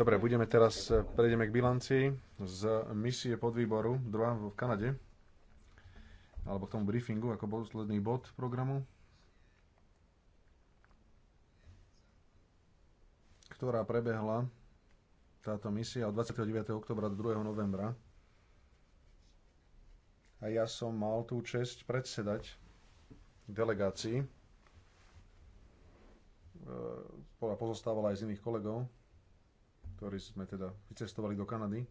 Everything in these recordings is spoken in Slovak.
Dobre, budeme teraz, e, prejdeme k bilanci z misie podvýboru 2 v Kanade, alebo k tomu briefingu ako posledný bod programu, ktorá prebehla táto misia od 29. oktobra do 2. novembra. A ja som mal tú čest predsedať delegácii, e, pozostávala aj z iných kolegov, ktorí sme teda vycestovali do Kanady.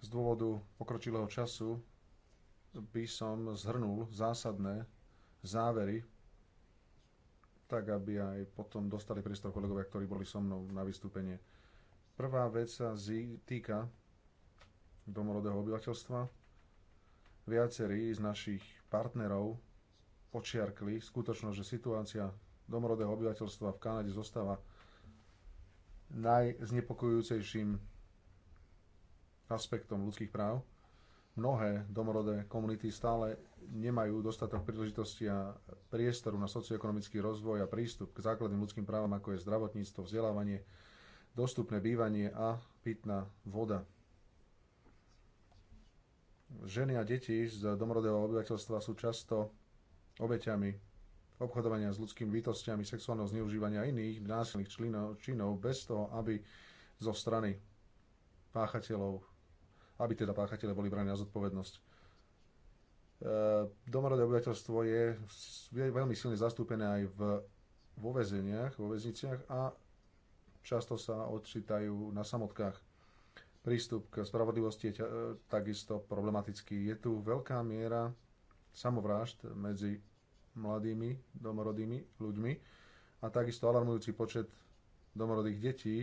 Z dôvodu pokročilého času by som zhrnul zásadné závery, tak aby aj potom dostali priestor kolegovia, ktorí boli so mnou na vystúpenie. Prvá vec sa týka domorodého obyvateľstva viacerí z našich partnerov počiarkli skutočnosť, že situácia domorodého obyvateľstva v Kanade zostáva najznepokojujúcejším aspektom ľudských práv. Mnohé domorodé komunity stále nemajú dostatok príležitosti a priestoru na socioekonomický rozvoj a prístup k základným ľudským právam, ako je zdravotníctvo, vzdelávanie, dostupné bývanie a pitná voda. Ženy a deti z domorodého obyvateľstva sú často obeťami obchodovania s ľudskými bytostiami, sexuálneho zneužívania iných násilných členov, činov bez toho, aby zo strany páchateľov, aby teda páchateľe boli braní na zodpovednosť. E, domorodé obyvateľstvo je veľmi silne zastúpené aj v, vo väzeniach, vo väzniciach a často sa odčítajú na samotkách. Prístup k spravodlivosti je e, takisto problematický. Je tu veľká miera samovrážd medzi mladými domorodými ľuďmi a takisto alarmujúci počet domorodých detí,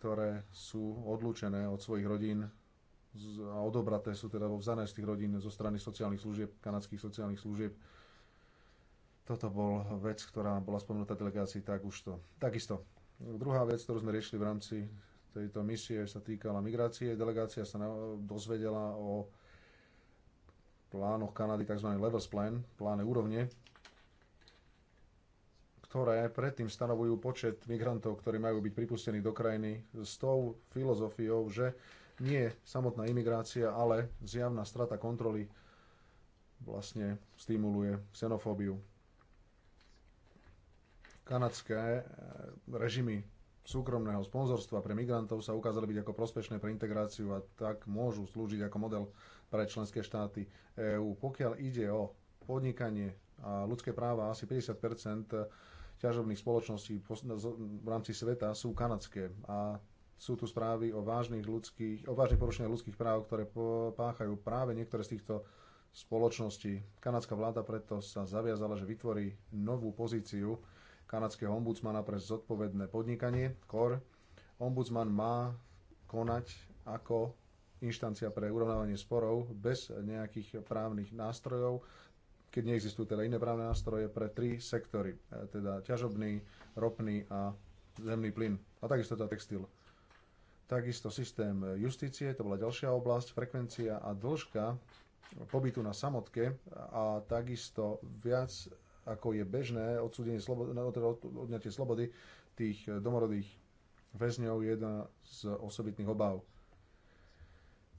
ktoré sú odlúčené od svojich rodín a odobraté sú teda vo vzané z tých rodín zo strany sociálnych služieb, kanadských sociálnych služieb. Toto bol vec, ktorá bola spomenutá delegácii, tak už to. Takisto. Druhá vec, ktorú sme riešili v rámci tejto misie, sa týkala migrácie. Delegácia sa dozvedela o plánoch Kanady, tzv. Levels Plan, pláne úrovne, ktoré predtým stanovujú počet migrantov, ktorí majú byť pripustení do krajiny s tou filozofiou, že nie samotná imigrácia, ale zjavná strata kontroly vlastne stimuluje xenofóbiu. Kanadské eh, režimy súkromného sponzorstva pre migrantov sa ukázali byť ako prospešné pre integráciu a tak môžu slúžiť ako model pre členské štáty EÚ. Pokiaľ ide o podnikanie a ľudské práva, asi 50 ťažobných spoločností v rámci sveta sú kanadské a sú tu správy o vážnych, ľudských, o vážnych porušeniach ľudských práv, ktoré páchajú práve niektoré z týchto spoločností. Kanadská vláda preto sa zaviazala, že vytvorí novú pozíciu kanadského ombudsmana pre zodpovedné podnikanie, KOR. Ombudsman má konať ako inštancia pre urovnávanie sporov bez nejakých právnych nástrojov, keď neexistujú teda iné právne nástroje pre tri sektory, e, teda ťažobný, ropný a zemný plyn a takisto tá teda textil. Takisto systém justície, to bola ďalšia oblasť, frekvencia a dĺžka pobytu na samotke a takisto viac ako je bežné odsúdenie slobody, no, teda odňatie slobody tých domorodých väzňov je jedna z osobitných obáv.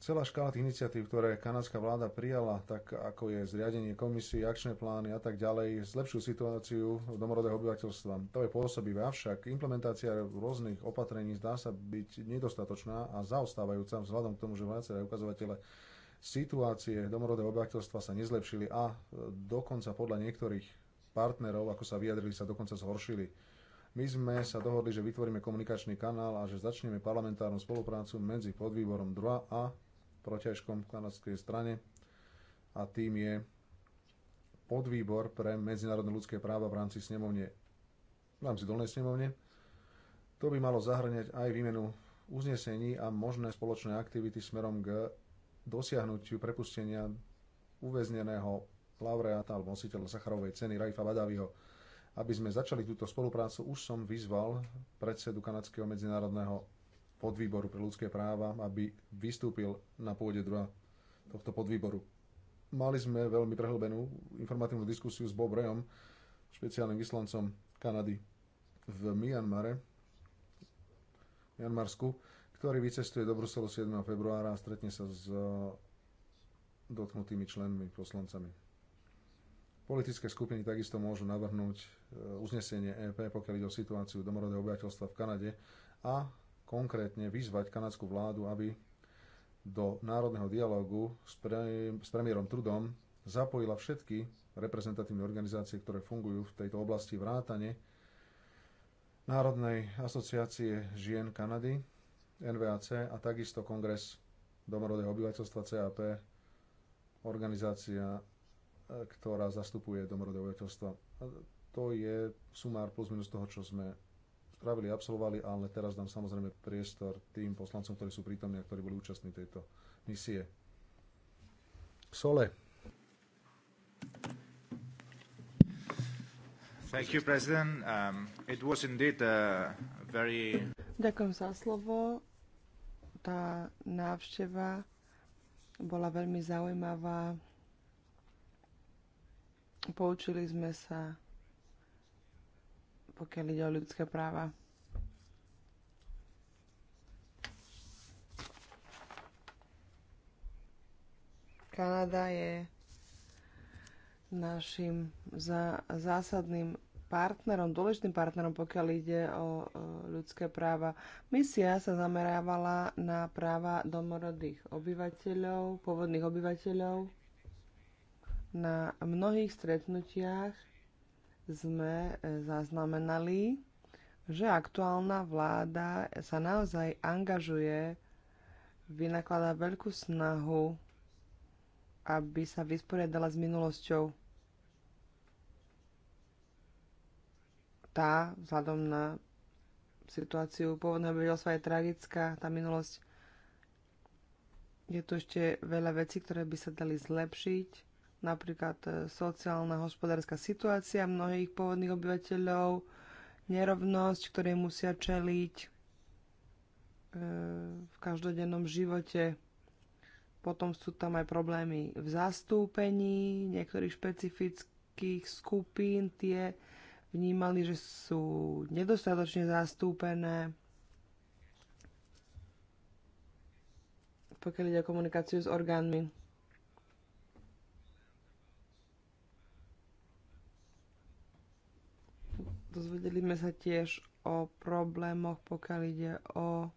Celá škála tých iniciatív, ktoré kanadská vláda prijala, tak ako je zriadenie komisie, akčné plány a tak ďalej, zlepšujú situáciu domorodého obyvateľstva. To je pôsobivé, avšak implementácia rôznych opatrení zdá sa byť nedostatočná a zaostávajúca vzhľadom k tomu, že viaceré ukazovatele situácie domorodého obyvateľstva sa nezlepšili a dokonca podľa niektorých partnerov, ako sa vyjadrili, sa dokonca zhoršili. My sme sa dohodli, že vytvoríme komunikačný kanál a že začneme parlamentárnu spoluprácu medzi podvýborom 2 a protiažkom kanadskej strane a tým je podvýbor pre medzinárodné ľudské práva v rámci snemovne, v rámci dolnej snemovne. To by malo zahrňať aj výmenu uznesení a možné spoločné aktivity smerom k dosiahnutiu prepustenia uväzneného laureáta alebo nositeľa Sacharovej ceny Raifa Badaviho. Aby sme začali túto spoluprácu, už som vyzval predsedu Kanadského medzinárodného podvýboru pre ľudské práva, aby vystúpil na pôde druhá tohto podvýboru. Mali sme veľmi prehlbenú informatívnu diskusiu s Bob Rayom, špeciálnym vyslancom Kanady v Myanmare, Mianmarsku, ktorý vycestuje do Bruselu 7. februára a stretne sa s eh, dotknutými členmi, poslancami. Politické skupiny takisto môžu navrhnúť eh, uznesenie EP, pokiaľ ide o situáciu domorodého obyvateľstva v Kanade a konkrétne vyzvať kanadskú vládu, aby do národného dialogu s, pre, s premiérom Trudom zapojila všetky reprezentatívne organizácie, ktoré fungujú v tejto oblasti vrátane Národnej asociácie žien Kanady, NVAC a takisto Kongres domorodého obyvateľstva CAP, organizácia, e, ktorá zastupuje domorodé obyvateľstva. To je sumár plus minus toho, čo sme spravili, absolvovali, ale teraz dám samozrejme priestor tým poslancom, ktorí sú prítomní a ktorí boli účastní tejto misie. Sole. Thank you, President. Um, it was indeed a very... Ďakujem za slovo. Tá návšteva bola veľmi zaujímavá. Poučili sme sa pokiaľ ide o ľudské práva. Kanada je našim za, zásadným partnerom, dôležitým partnerom, pokiaľ ide o, o ľudské práva. Misia sa zamerávala na práva domorodých obyvateľov, pôvodných obyvateľov. Na mnohých stretnutiach sme e, zaznamenali, že aktuálna vláda sa naozaj angažuje, vynakladá veľkú snahu, aby sa vysporiadala s minulosťou. Tá, vzhľadom na situáciu pôvodného obyvateľstva, je tragická, tá minulosť. Je tu ešte veľa vecí, ktoré by sa dali zlepšiť napríklad e, sociálna hospodárska situácia mnohých pôvodných obyvateľov, nerovnosť, ktoré musia čeliť e, v každodennom živote. Potom sú tam aj problémy v zastúpení niektorých špecifických skupín. Tie vnímali, že sú nedostatočne zastúpené. Pokiaľ ide o komunikáciu s orgánmi. Dozvedeli sme sa tiež o problémoch, pokiaľ ide o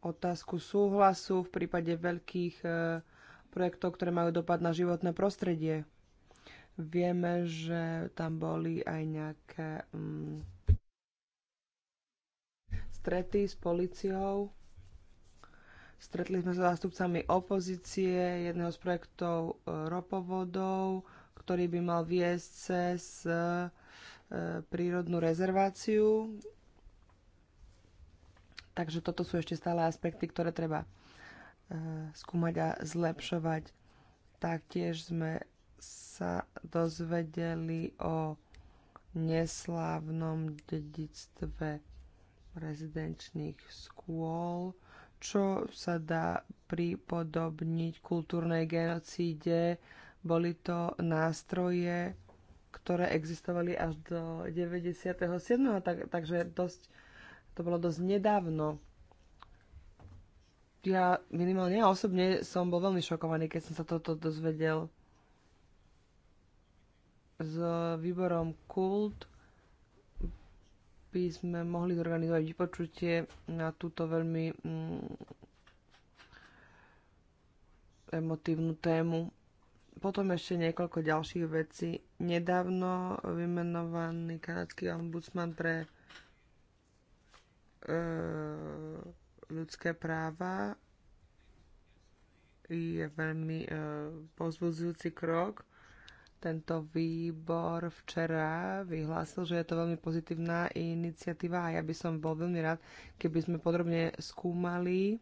otázku súhlasu v prípade veľkých e, projektov, ktoré majú dopad na životné prostredie. Vieme, že tam boli aj nejaké mm, strety s policiou. Stretli sme sa zástupcami opozície jedného z projektov e, ropovodov, ktorý by mal viesť cez E, prírodnú rezerváciu. Takže toto sú ešte stále aspekty, ktoré treba e, skúmať a zlepšovať. Taktiež sme sa dozvedeli o neslávnom dedictve rezidenčných skôl, čo sa dá pripodobniť kultúrnej genocíde. Boli to nástroje, ktoré existovali až do 97. Tak, takže dosť, to bolo dosť nedávno. Ja minimálne ja osobne som bol veľmi šokovaný, keď som sa toto dozvedel s výborom Kult by sme mohli zorganizovať vypočutie na túto veľmi mm, emotívnu tému potom ešte niekoľko ďalších vecí. Nedávno vymenovaný kanadský ombudsman pre e, ľudské práva je veľmi e, pozbudzujúci krok. Tento výbor včera vyhlásil, že je to veľmi pozitívna iniciatíva a ja by som bol veľmi rád, keby sme podrobne skúmali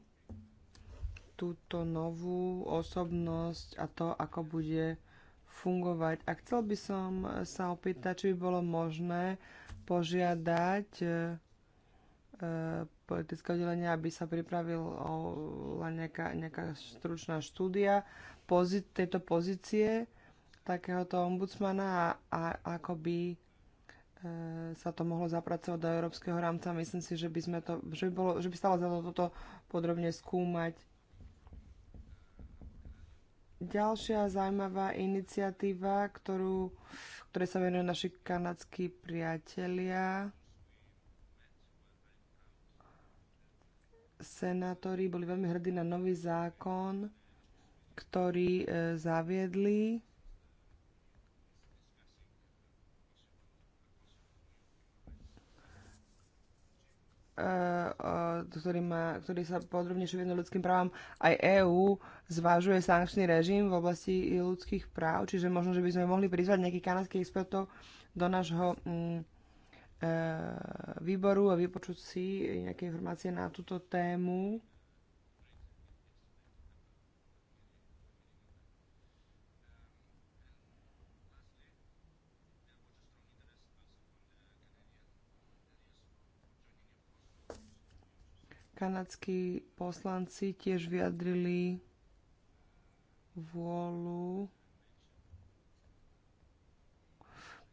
túto novú osobnosť a to, ako bude fungovať. A chcel by som sa opýtať, či by bolo možné požiadať e, e, politické oddelenie, aby sa pripravila nejaká, nejaká stručná štúdia pozit, tejto pozície takéhoto ombudsmana a, a ako by e, sa to mohlo zapracovať do európskeho rámca. Myslím si, že by, sme to, že by, bolo, že by stalo za to toto podrobne skúmať Ďalšia zaujímavá iniciatíva, ktorú, ktoré sa venujú naši kanadskí priatelia, senátori boli veľmi hrdí na nový zákon, ktorý e, zaviedli Eh, ktorý, má, ktorý sa podrobnejšie venuje ľudským právam, aj EÚ zvažuje sankčný režim v oblasti ľudských práv, čiže možno, že by sme mohli prizvať nejakých kanadských expertov do nášho mm, e, výboru a vypočuť si nejaké informácie na túto tému. Kanadskí poslanci tiež vyjadrili vôľu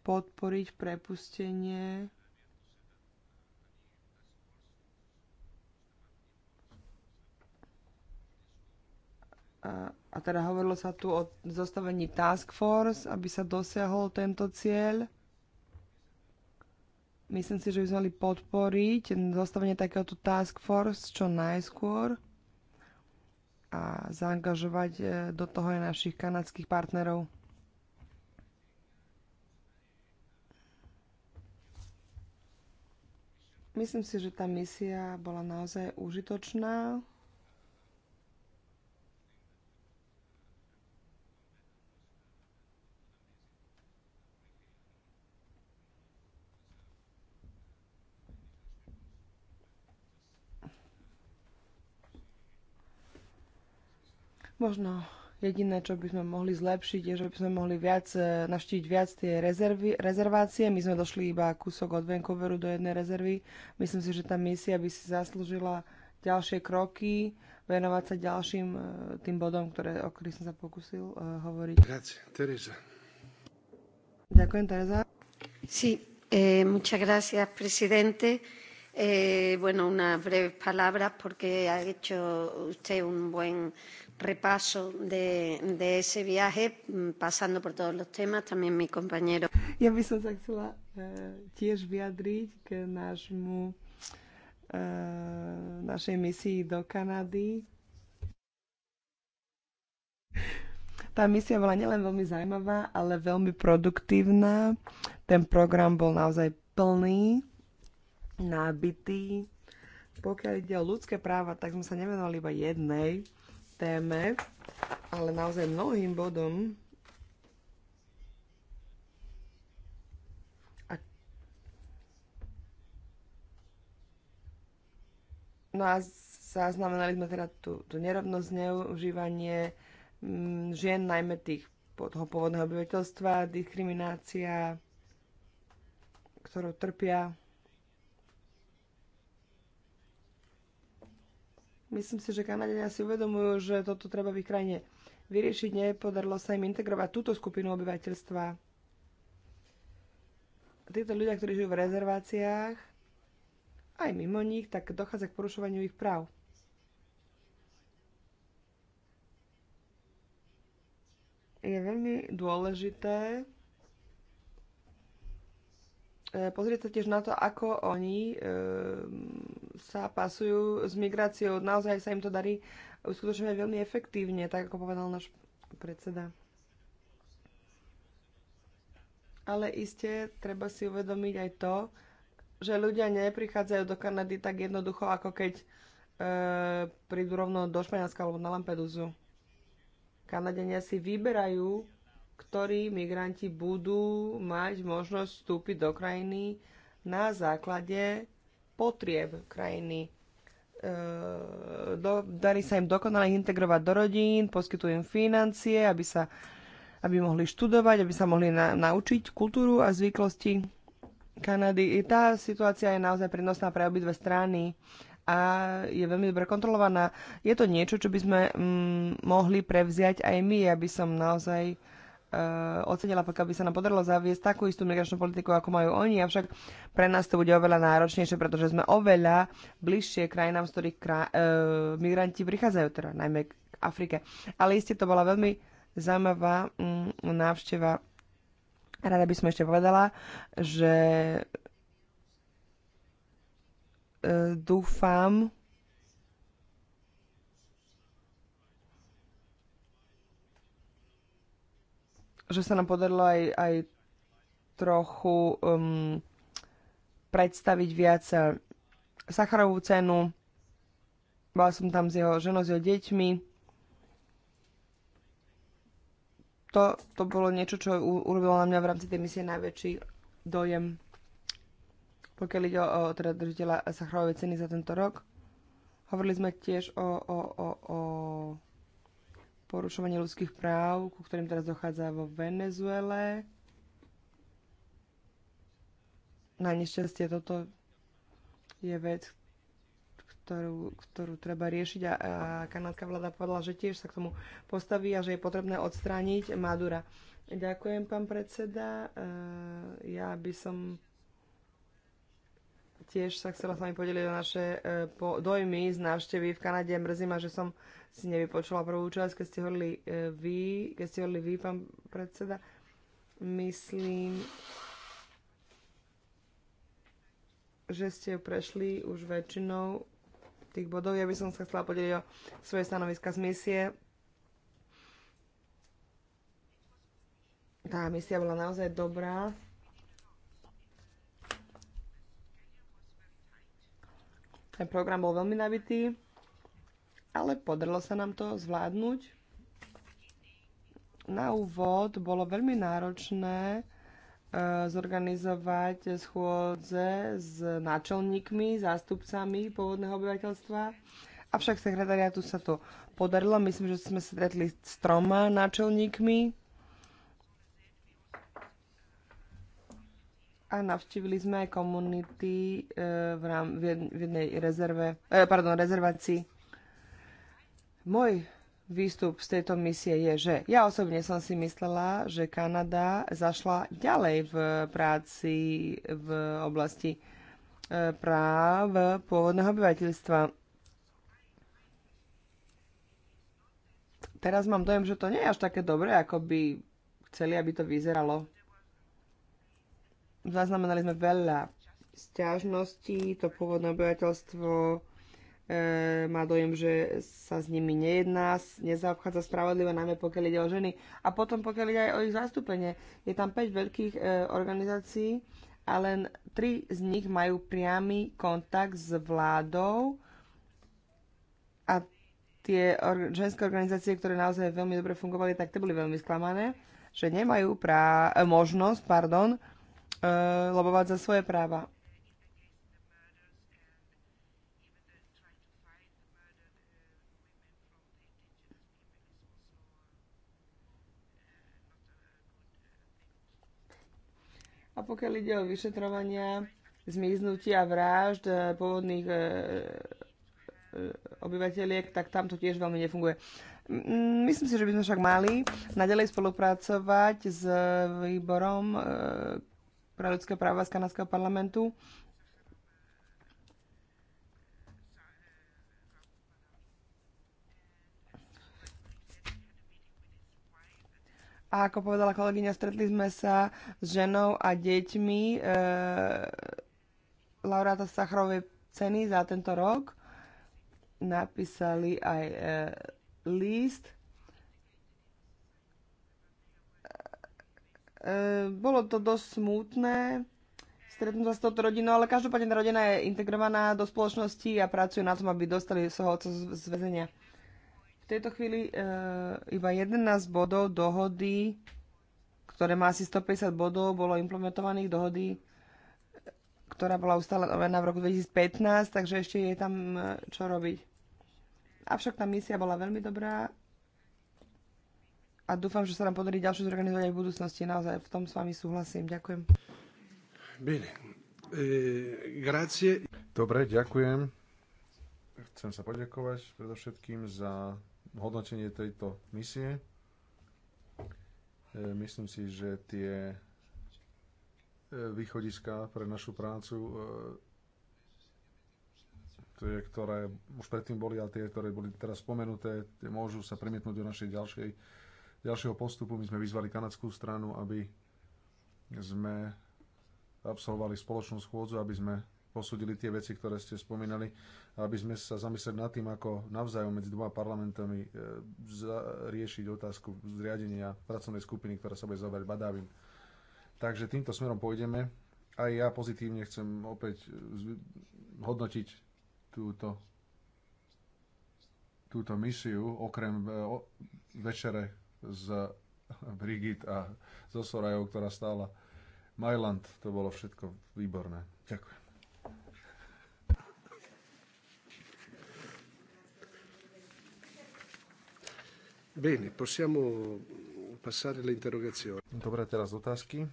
podporiť prepustenie a, a teda hovorilo sa tu o zostavení task force, aby sa dosiahol tento cieľ. Myslím si, že by sme mali podporiť zostavenie takéhoto task force čo najskôr a zaangažovať e, do toho aj našich kanadských partnerov. Myslím si, že tá misia bola naozaj užitočná. Možno jediné, čo by sme mohli zlepšiť, je, že by sme mohli viac, e, navštíviť viac tie rezervy, rezervácie. My sme došli iba kúsok od Vancouveru do jednej rezervy. Myslím si, že tá misia by si zaslúžila ďalšie kroky, venovať sa ďalším e, tým bodom, ktoré, o ktorých som sa pokusil uh, e, hovoriť. Grazie, Teresa. Ďakujem, Teresa. Sí, eh, muchas gracias, presidente. Eh, bueno, unas breves palabras porque ha hecho usted un buen repaso de, de ese viaje, mm, pasando por todos los temas, también mi compañero. Ja by som sa chcela uh, tiež vyjadriť k nášmu, uh, našej misii do Kanady. Tá misia bola nielen veľmi zaujímavá, ale veľmi produktívna. Ten program bol naozaj plný nábitý. Pokiaľ ide o ľudské práva, tak sme sa nevenovali iba jednej téme, ale naozaj mnohým bodom. A... No a zaznamenali sme teda tú, tú nerovnosť, neužívanie mm, žien, najmä tých toho pôvodného obyvateľstva, diskriminácia, ktorou trpia Myslím si, že Kanadania si uvedomujú, že toto treba v ich krajine vyriešiť. Nepodarilo sa im integrovať túto skupinu obyvateľstva. Títo ľudia, ktorí žijú v rezerváciách, aj mimo nich, tak dochádza k porušovaniu ich práv. Je veľmi dôležité eh, pozrieť sa tiež na to, ako oni eh, sa pasujú s migráciou. Naozaj sa im to darí uskutočňovať veľmi efektívne, tak ako povedal náš predseda. Ale iste treba si uvedomiť aj to, že ľudia neprichádzajú do Kanady tak jednoducho, ako keď e, prídu rovno do Španielska alebo na Lampedusu. Kanadenia si vyberajú, ktorí migranti budú mať možnosť vstúpiť do krajiny na základe potrieb krajiny. E, do, darí sa im dokonale integrovať do rodín, poskytujem im financie, aby, sa, aby mohli študovať, aby sa mohli na, naučiť kultúru a zvyklosti Kanady. I tá situácia je naozaj prínosná pre obidve strany a je veľmi dobre kontrolovaná. Je to niečo, čo by sme mm, mohli prevziať aj my, aby som naozaj uh, Eh, ocenila, pokiaľ by sa nám podarilo zaviesť takú istú migračnú politiku, ako majú oni, avšak pre nás to bude oveľa náročnejšie, pretože sme oveľa bližšie krajinám, z ktorých krá- uh, eh, migranti prichádzajú, teda najmä k Afrike. Ale iste to bola veľmi zaujímavá mm, návšteva. Rada by som ešte povedala, že uh, dúfam, že sa nám podarilo aj, aj trochu um, predstaviť viac eh, Sacharovú cenu. Bola som tam s jeho ženou, s jeho deťmi. To, to bolo niečo, čo urobilo na mňa v rámci tej misie najväčší dojem, pokiaľ ide o, o teda držiteľa Sacharovej ceny za tento rok. Hovorili sme tiež o, o, o, o porušovanie ľudských práv, ku ktorým teraz dochádza vo Venezuele. Na nešťastie toto je vec, ktorú, ktorú treba riešiť a, a kanadská vláda povedala, že tiež sa k tomu postaví a že je potrebné odstrániť Madura. Ďakujem, pán predseda. E, ja by som Tiež sa chcela s vami podeliť o naše e, dojmy z návštevy v Kanade. Mrzí ma, že som si nevypočula prvú časť, keď ste hovorili e, vy, keď ste hovorili vy, pán predseda. Myslím, že ste prešli už väčšinou tých bodov. Ja by som sa chcela podeliť o svoje stanoviska z misie. Tá misia bola naozaj dobrá. Ten program bol veľmi nabitý, ale podarilo sa nám to zvládnuť. Na úvod bolo veľmi náročné e, zorganizovať schôdze s náčelníkmi, zástupcami pôvodného obyvateľstva. Avšak sekretariátu sa to podarilo. Myslím, že sme sa stretli s troma náčelníkmi a navštívili sme aj komunity e, v, rám, v jednej rezerve, e, pardon, rezervácii. Môj výstup z tejto misie je, že ja osobne som si myslela, že Kanada zašla ďalej v práci v oblasti e, práv pôvodného obyvateľstva. Teraz mám dojem, že to nie je až také dobré, ako by chceli, aby to vyzeralo. Zaznamenali sme veľa sťažností, to pôvodné obyvateľstvo e, má dojem, že sa s nimi nejedná, nezaobchádza spravodlivo, najmä pokiaľ ide o ženy. A potom pokiaľ ide aj o ich zastúpenie. Je tam 5 veľkých e, organizácií a len 3 z nich majú priamy kontakt s vládou a tie or- ženské organizácie, ktoré naozaj veľmi dobre fungovali, tak tie boli veľmi sklamané, že nemajú prá- e, možnosť pardon, Eh, lobovať za svoje práva. A pokiaľ ide o vyšetrovania zmiznutia vražd eh, pôvodných eh, obyvateľiek, tak tam to tiež veľmi nefunguje. Mm, myslím si, že by sme však mali nadalej spolupracovať s výborom pro ľudské práva z kanadského parlamentu. A ako povedala kolegyňa, stretli sme sa s ženou a deťmi e, laureáta Sachrovej ceny za tento rok. Napísali aj e, list E, bolo to dosť smutné, stretnúť sa s touto rodinou, ale každopádne tá rodina je integrovaná do spoločnosti a pracuje na tom, aby dostali svojho otca z väzenia. V tejto chvíli e, iba 11 bodov dohody, ktoré má asi 150 bodov, bolo implementovaných dohody, ktorá bola ustanovená v roku 2015, takže ešte je tam e, čo robiť. Avšak tá misia bola veľmi dobrá a dúfam, že sa nám podarí ďalšie zorganizovať aj v budúcnosti. Naozaj v tom s vami súhlasím. Ďakujem. Bene. E, grazie. Dobre, ďakujem. Chcem sa poďakovať predovšetkým za hodnotenie tejto misie. E, myslím si, že tie e, východiska pre našu prácu, tie, ktoré už predtým boli, a tie, ktoré boli teraz spomenuté, tie môžu sa premietnúť do našej ďalšej ďalšieho postupu. My sme vyzvali kanadskú stranu, aby sme absolvovali spoločnú schôdzu, aby sme posúdili tie veci, ktoré ste spomínali, aby sme sa zamysleli nad tým, ako navzájom medzi dvoma parlamentami e, riešiť otázku zriadenia pracovnej skupiny, ktorá sa bude zaoberať badávim. Takže týmto smerom pôjdeme. Aj ja pozitívne chcem opäť e, hodnotiť túto, túto misiu, okrem e, večere z Brigit a zo Sorajov, ktorá stála Majland. To bolo všetko výborné. Ďakujem. Bene, possiamo passare alle interrogazioni. Dobre, teraz otázky.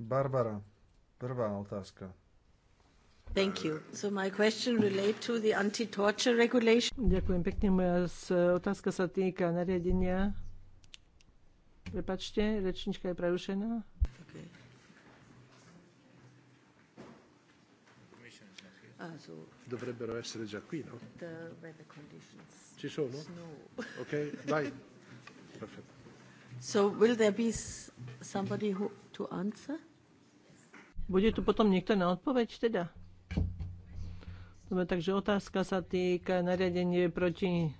Barbara, prvá otázka. Thank you. So my question relate to the anti-torture regulation. Ďakujem pekne. Moja e, otázka sa týka nariadenia. Prepačte, rečnička je prerušená. Okay. Ah, so. essere già qui, no? The weather conditions. Ci sono? Snow. Ok, vai. Perfetto. So will there be somebody who, to answer? Bude tu potom niekto na odpoveď teda? Dobre, takže otázka sa týka nariadenie proti e,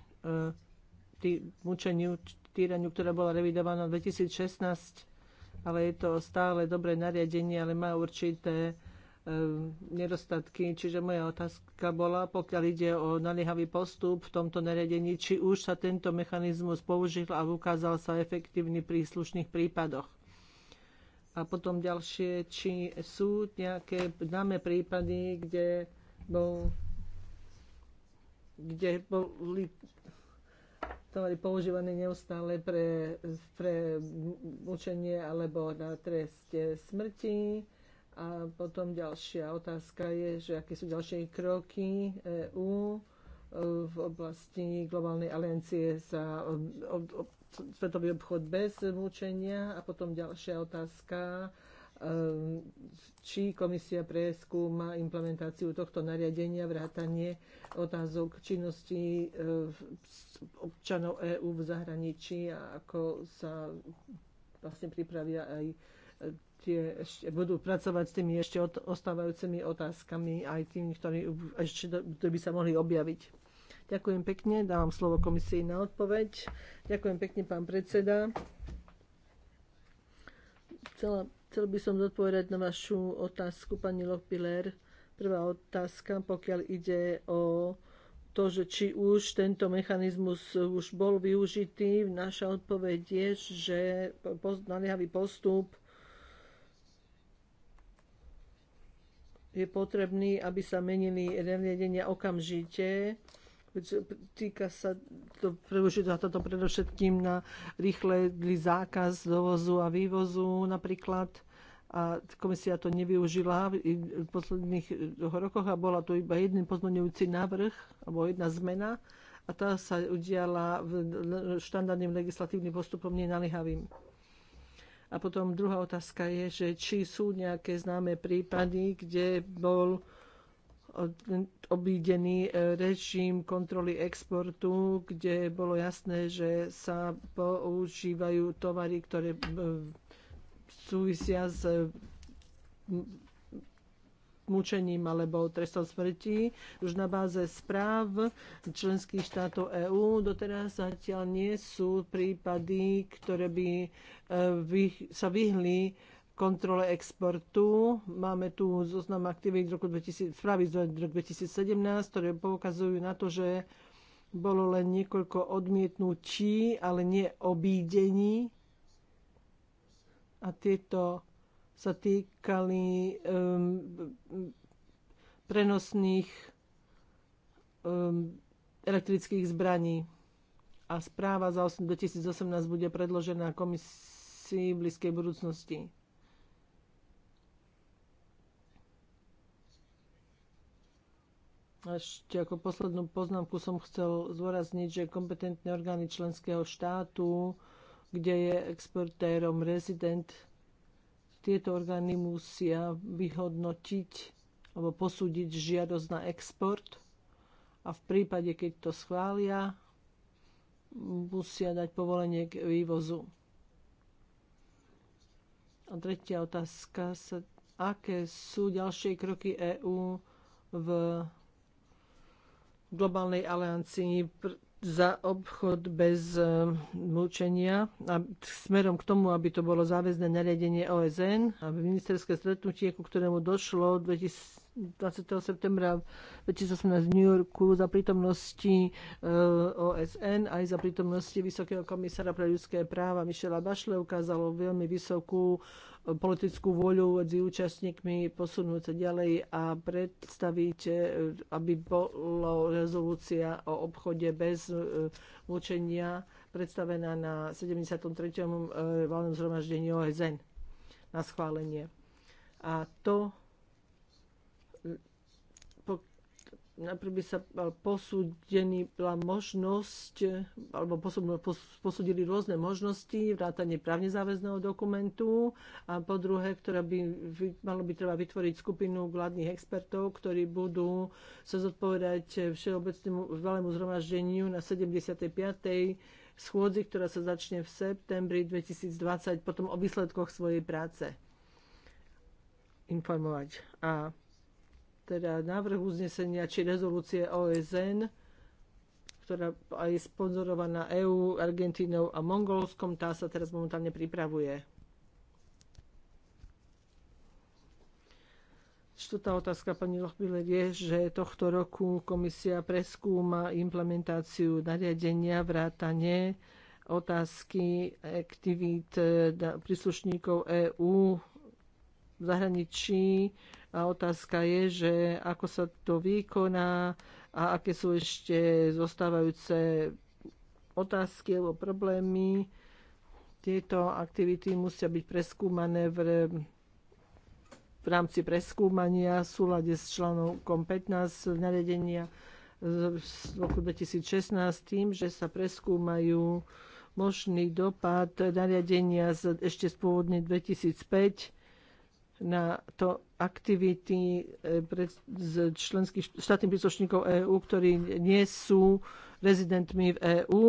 tý, mučeniu, týraniu, ktorá bola revidovaná v 2016, ale je to stále dobré nariadenie, ale má určité e, nedostatky. Čiže moja otázka bola, pokiaľ ide o naliehavý postup v tomto nariadení, či už sa tento mechanizmus použil a ukázal sa efektívny v príslušných prípadoch. A potom ďalšie, či sú nejaké známe prípady, kde bol kde boli tovary používané neustále pre, pre mučenie alebo na treste smrti. A potom ďalšia otázka je, že aké sú ďalšie kroky EÚ e, v oblasti globálnej aliancie za svetový obchod bez mučenia. A potom ďalšia otázka, Ehm, či komisia preskúma implementáciu tohto nariadenia, vrátanie otázok činnosti eh, občanov EÚ v zahraničí a ako sa vlastne pripravia aj eh, tie ešte, budú pracovať s tými ešte ostávajúcimi otázkami aj tými, ktorí ešte ktorí by sa mohli objaviť. Ďakujem pekne, dávam slovo komisii na odpoveď. Ďakujem pekne, pán predseda. Chcela Chcel by som zodpovedať na vašu otázku, pani Lopiler. Prvá otázka, pokiaľ ide o to, že či už tento mechanizmus už bol využitý, naša odpoveď je, že naliehavý postup je potrebný, aby sa menili nariadenia okamžite Týka sa to, preužíva toto predovšetkým na rýchle zákaz dovozu a vývozu napríklad a komisia to nevyužila v posledných rokoch a bola to iba jeden pozmeňujúci návrh alebo jedna zmena a tá sa udiala štandardným legislatívnym postupom nenalihavým. A potom druhá otázka je, že či sú nejaké známe prípady, kde bol obídený e, režim kontroly exportu, kde bolo jasné, že sa používajú tovary, ktoré e, súvisia s e, mučením alebo trestom smrti. Už na báze správ členských štátov EÚ doteraz zatiaľ nie sú prípady, ktoré by sa vyhli kontrole exportu. Máme tu zoznam aktivít z roku 2017, ktoré poukazujú na to, že bolo len niekoľko odmietnutí, ale nie obídení. A tieto sa týkali um, prenosných um, elektrických zbraní. A správa za 2018 bude predložená komisii v blízkej budúcnosti. Ešte ako poslednú poznámku som chcel zdôrazniť, že kompetentné orgány členského štátu, kde je exportérom rezident, tieto orgány musia vyhodnotiť alebo posúdiť žiadosť na export a v prípade, keď to schvália, musia dať povolenie k vývozu. A tretia otázka, aké sú ďalšie kroky EÚ v globálnej aliancii za obchod bez eh, mlčenia a smerom k tomu, aby to bolo záväzné nariadenie OSN a ministerské stretnutie, ku ktorému došlo 20. septembra 2018 v New Yorku za prítomnosti eh, OSN aj za prítomnosti Vysokého komisára pre ľudské práva Michela Bašle ukázalo veľmi vysokú politickú voľu medzi účastníkmi posunúť sa ďalej a predstaviť, e, aby bola rezolúcia o obchode bez e, mučenia predstavená na 73. E, valnom zhromaždení OSN na schválenie. A to najprv by sa eh, posúdený bola možnosť, eh, alebo posúdili rôzne možnosti, vrátanie právne záväzného dokumentu a po druhé, ktoré by, malo by treba vytvoriť skupinu vládnych expertov, ktorí budú sa zodpovedať všeobecnému veľému zhromaždeniu na 75 schôdzi, ktorá sa začne v septembri 2020, potom o výsledkoch svojej práce informovať. A teda návrh uznesenia či rezolúcie OSN, ktorá je sponzorovaná EÚ, Argentínou a Mongolskom, tá sa teraz momentálne pripravuje. Štvrtá otázka pani Lochbiller je, že tohto roku komisia preskúma implementáciu nariadenia vrátane otázky aktivít e, príslušníkov EÚ v zahraničí a otázka je, že ako sa to vykoná a aké sú ešte zostávajúce otázky alebo problémy. Tieto aktivity musia byť preskúmané v, v rámci preskúmania v súlade s článkom 15 nariadenia z roku 2016 tým, že sa preskúmajú možný dopad nariadenia z, ešte z pôvodne 2005 na to aktivity eh, pred, z členských štátnych príslušníkov EÚ, ktorí nie sú rezidentmi v EÚ.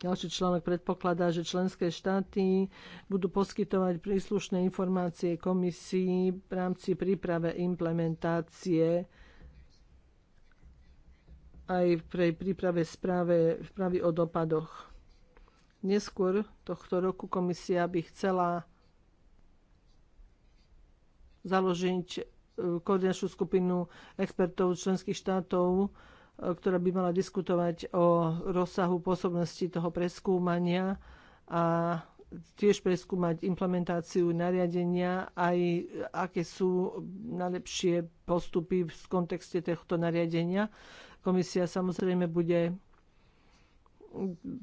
Ďalší článok predpokladá, že členské štáty budú poskytovať príslušné informácie komisii v rámci príprave implementácie aj pre príprave správe, pravi o dopadoch. Neskôr tohto roku komisia by chcela založiť e, koordinačnú skupinu expertov členských štátov, e, ktorá by mala diskutovať o rozsahu pôsobnosti toho preskúmania a tiež preskúmať implementáciu nariadenia, aj aké sú najlepšie postupy v kontexte tohto nariadenia. Komisia samozrejme bude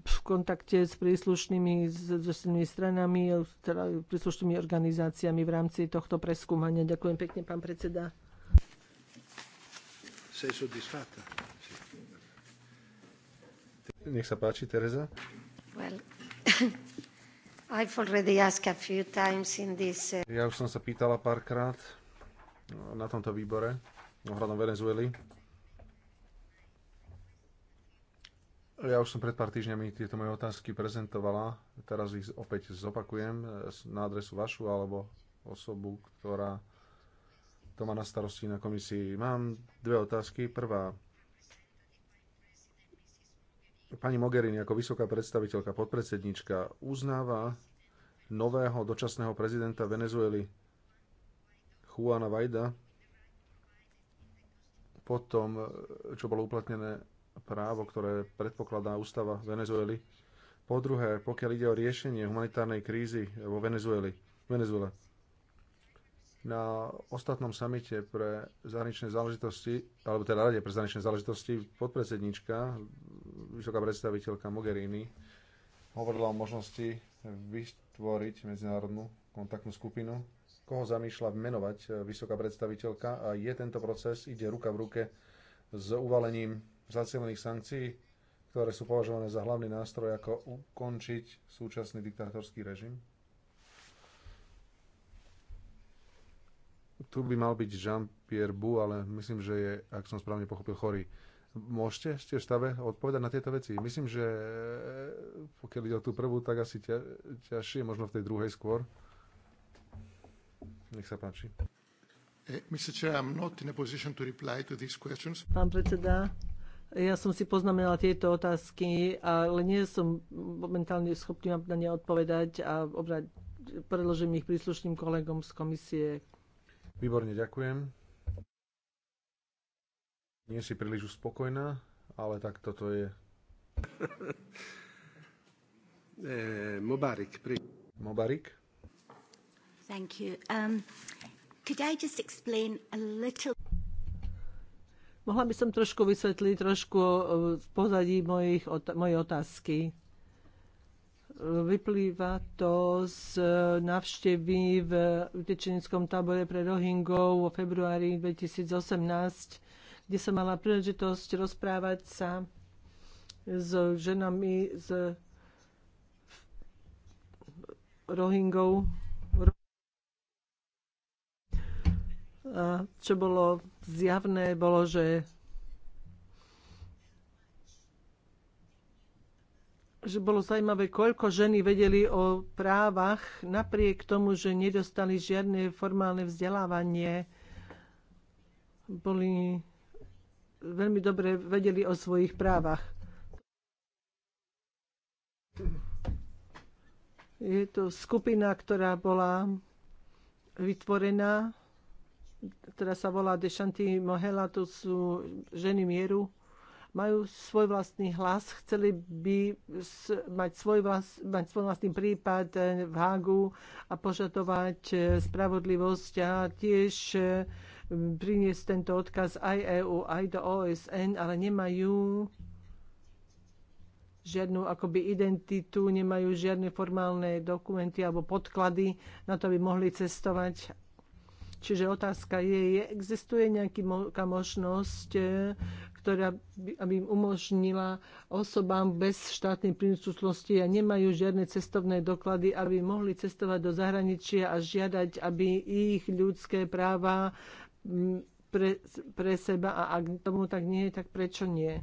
v kontakte s príslušnými zvrstvenými stranami, teda príslušnými organizáciami v rámci tohto preskúmania. Ďakujem pekne, pán predseda. Nech sa páči, Tereza. Well, I've already asked a few times in this... Uh, ja už som sa pýtala párkrát no, na tomto výbore ohľadom Venezuely Ja už som pred pár týždňami tieto moje otázky prezentovala, teraz ich opäť zopakujem e, na adresu vašu alebo osobu, ktorá to má na starosti na komisii. Mám dve otázky. Prvá, pani Mogherini ako vysoká predstaviteľka, podpredsednička, uznáva nového dočasného prezidenta Venezuely Juana Vajda po tom, e, čo bolo uplatnené právo, ktoré predpokladá ústava Venezuely. Po druhé, pokiaľ ide o riešenie humanitárnej krízy vo Venezueli, Venezuele. Na ostatnom samite pre zahraničné záležitosti, alebo teda Rade pre zahraničné záležitosti, podpredsednička, vysoká predstaviteľka Mogherini, hovorila o možnosti vytvoriť medzinárodnú kontaktnú skupinu, koho zamýšľa menovať vysoká predstaviteľka a je tento proces, ide ruka v ruke s uvalením zacielených sankcií, ktoré sú považované za hlavný nástroj, ako ukončiť súčasný diktátorský režim? Tu by mal byť Jean-Pierre Bou, ale myslím, že je, ak som správne pochopil, chorý. Môžete ste v stave odpovedať na tieto veci? Myslím, že eh, pokiaľ ide o tú prvú, tak asi ťa, ťažšie, možno v tej druhej skôr. Nech sa páči. Eh, Pán predseda, ja som si poznamenala tieto otázky, ale nie som momentálne schopný na ne odpovedať a obrať, predložím ich príslušným kolegom z komisie. Výborne, ďakujem. Nie si príliš uspokojná, ale tak toto je. Eh, Mobarik, pri... Mobarik. Thank you. Um, could I just explain a little... Mohla by som trošku vysvetliť trošku e, v pozadí mojich, mojej otázky. Vyplýva to z e, návštevy v utečeneckom tábore pre Rohingov vo februári 2018, kde som mala príležitosť rozprávať sa s ženami z Rohingov, čo bolo zjavné bolo, že že bolo zaujímavé, koľko ženy vedeli o právach napriek tomu, že nedostali žiadne formálne vzdelávanie. Boli veľmi dobre vedeli o svojich právach. Je to skupina, ktorá bola vytvorená ktorá sa volá Dešanty Mohela, to sú ženy mieru, majú svoj vlastný hlas, chceli by mať svoj, vlast, mať svoj vlastný prípad eh, v Hágu a požadovať eh, spravodlivosť a tiež eh, priniesť tento odkaz aj EU, aj do OSN, ale nemajú žiadnu akoby identitu, nemajú žiadne formálne dokumenty alebo podklady na to, aby mohli cestovať Čiže otázka je, je existuje nejaká možnosť, e, ktorá by, aby im umožnila osobám bez štátnej príslušnosti a nemajú žiadne cestovné doklady, aby mohli cestovať do zahraničia a žiadať, aby ich ľudské práva pre, pre seba a ak tomu tak nie je, tak prečo nie?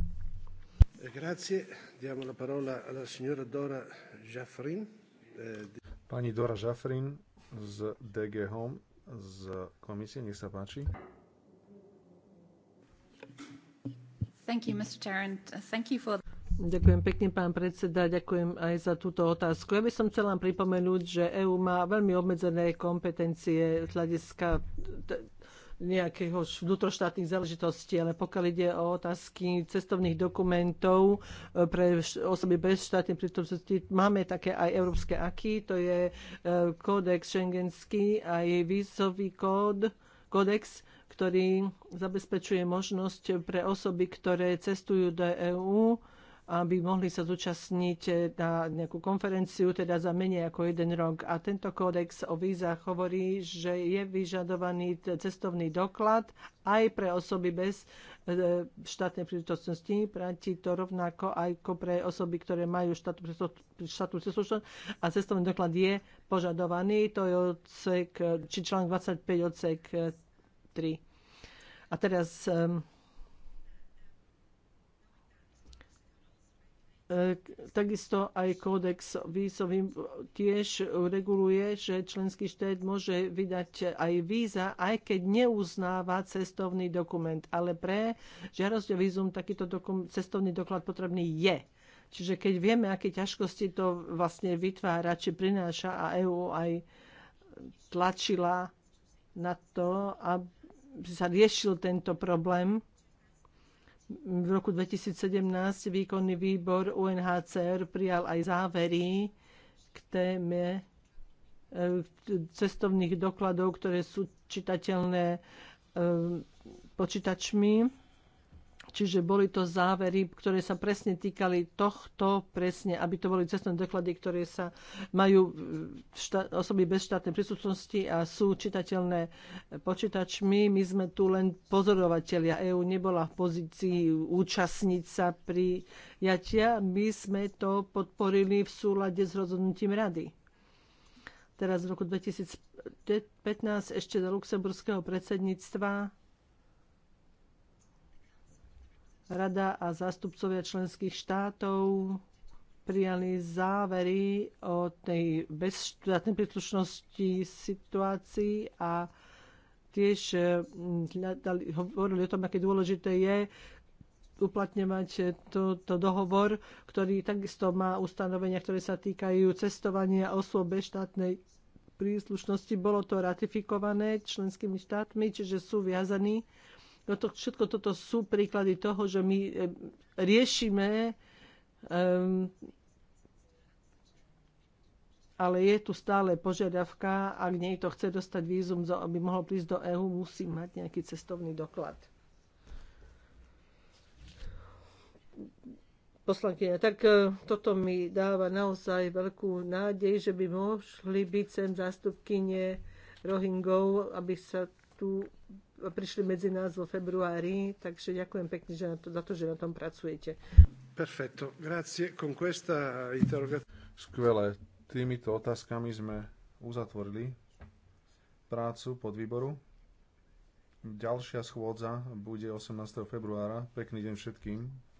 Grazie. Diamo la parola alla signora Dora Jaffrin. Eh, Pani Dora Jaffrin z DG Home z komisie. Nech sa páči. Thank you, Mr. Tarrant. Thank you for... Ďakujem pekne, pán predseda. Ďakujem aj za túto otázku. Ja by som chcela pripomenúť, že EÚ má veľmi obmedzené kompetencie z hľadiska nejakého vnútroštátnych záležitostí, ale pokiaľ ide o otázky cestovných dokumentov e, pre osoby bez štátnej prítomnosti, máme také aj európske aky, to je e, kódex šengenský, aj vízový kód, kódex, ktorý zabezpečuje možnosť pre osoby, ktoré cestujú do EÚ, aby mohli sa zúčastniť eh, na nejakú konferenciu, teda za menej ako jeden rok. A tento kódex o vízach hovorí, že je vyžadovaný cestovný doklad aj pre osoby bez eh, štátnej príležitosti. Práti to rovnako aj pre osoby, ktoré majú štátnu príležitosť a cestovný doklad je požadovaný. To je odsek, eh, či článok 25 odsek 3. A teraz ehm, E, takisto aj kódex vízový tiež reguluje, že členský štát môže vydať aj víza, aj keď neuznáva cestovný dokument. Ale pre žiadosť o vízum takýto cestovný doklad potrebný je. Čiže keď vieme, aké ťažkosti to vlastne vytvára, či prináša a EU aj tlačila na to, aby sa riešil tento problém, v roku 2017 výkonný výbor UNHCR prijal aj závery k téme e, cestovných dokladov, ktoré sú čitateľné e, počítačmi Čiže boli to závery, ktoré sa presne týkali tohto, presne, aby to boli cestné doklady, ktoré sa majú osoby bez štátnej prísutnosti a sú čitateľné počítačmi. My sme tu len pozorovatelia. EÚ nebola v pozícii účastnica prijatia. My sme to podporili v súlade s rozhodnutím rady teraz v roku 2015 ešte do luxemburského predsedníctva Rada a zástupcovia členských štátov prijali závery o tej bezštátnej príslušnosti situácii a tiež mm, hovorili o tom, aké dôležité je uplatňovať toto dohovor, ktorý takisto má ustanovenia, ktoré sa týkajú cestovania osôb bez štátnej príslušnosti. Bolo to ratifikované členskými štátmi, čiže sú viazaní No to, všetko toto sú príklady toho, že my eh, riešime, um, ale je tu stále požiadavka, ak niekto chce dostať vízum, aby mohol prísť do EÚ, musí mať nejaký cestovný doklad. poslankyňa. Tak eh, toto mi dáva naozaj veľkú nádej, že by mohli byť sem zástupkyne Rohingov, aby sa tu prišli medzi nás vo februári, takže ďakujem pekne že na to, za to, že na tom pracujete. Perfetto, grazie. Con questa interrogazione... Skvelé. Týmito otázkami sme uzatvorili prácu pod výboru. Ďalšia schôdza bude 18. februára. Pekný deň všetkým.